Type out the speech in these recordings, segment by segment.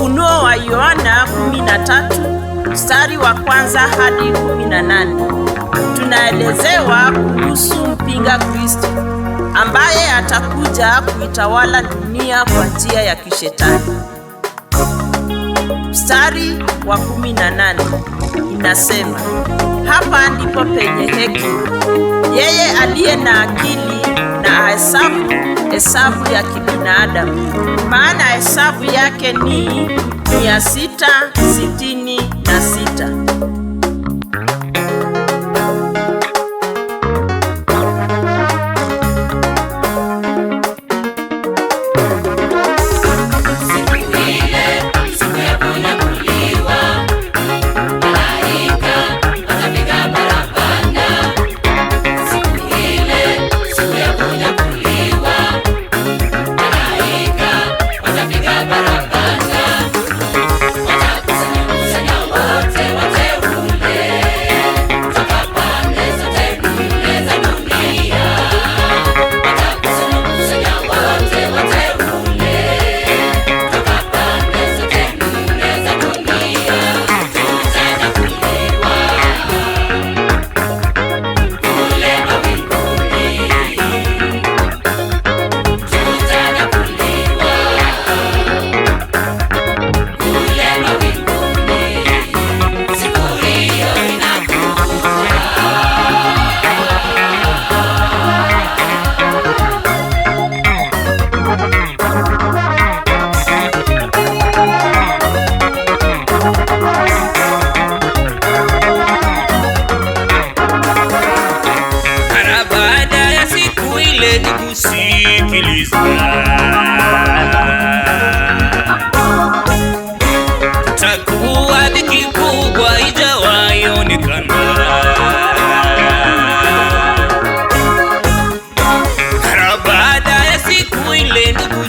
Ufunuo wa Yohana 13 mstari wa kwanza hadi 18 tunaelezewa kuhusu mpinga Kristo ambaye atakuja kuitawala dunia kwa njia ya kishetani. Mstari wa 18 inasema, hapa ndipo penye hekima, yeye aliye na akili na hesabu, hesabu ya kibinadamu, maana hesabu yake ni mia sita sitini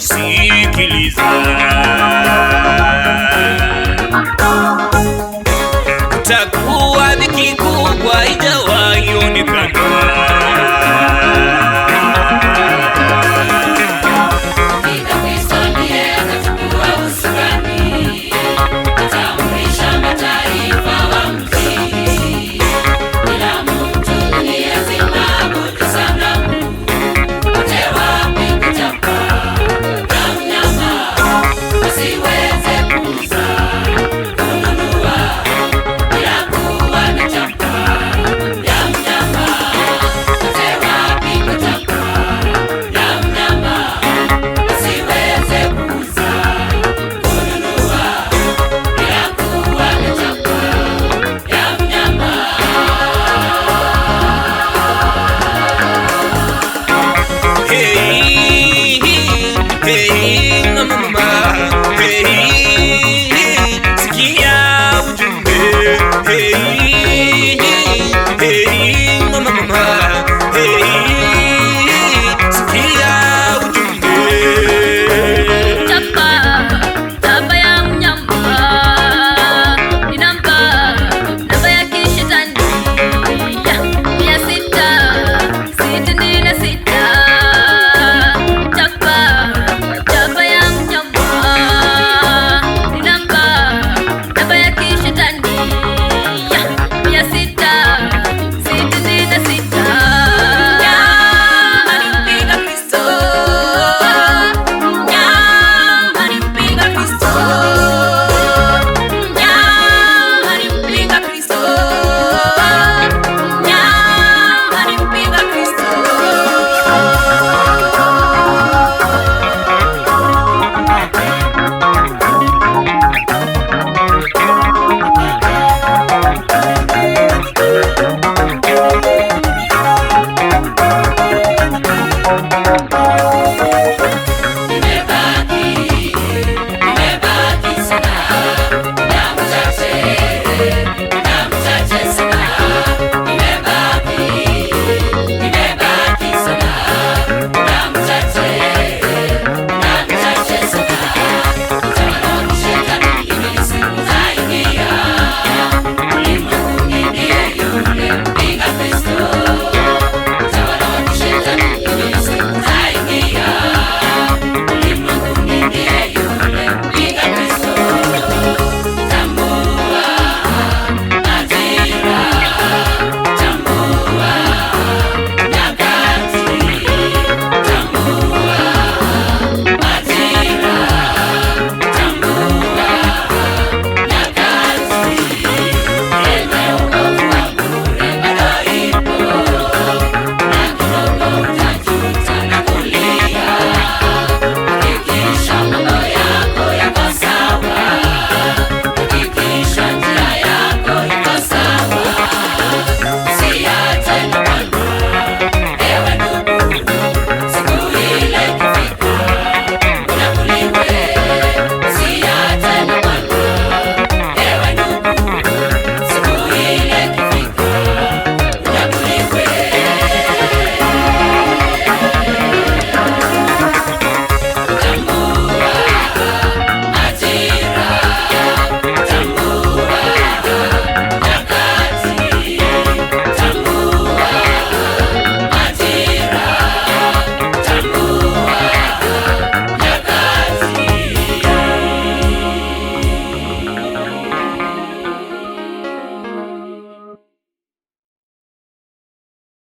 sikiliza Peace.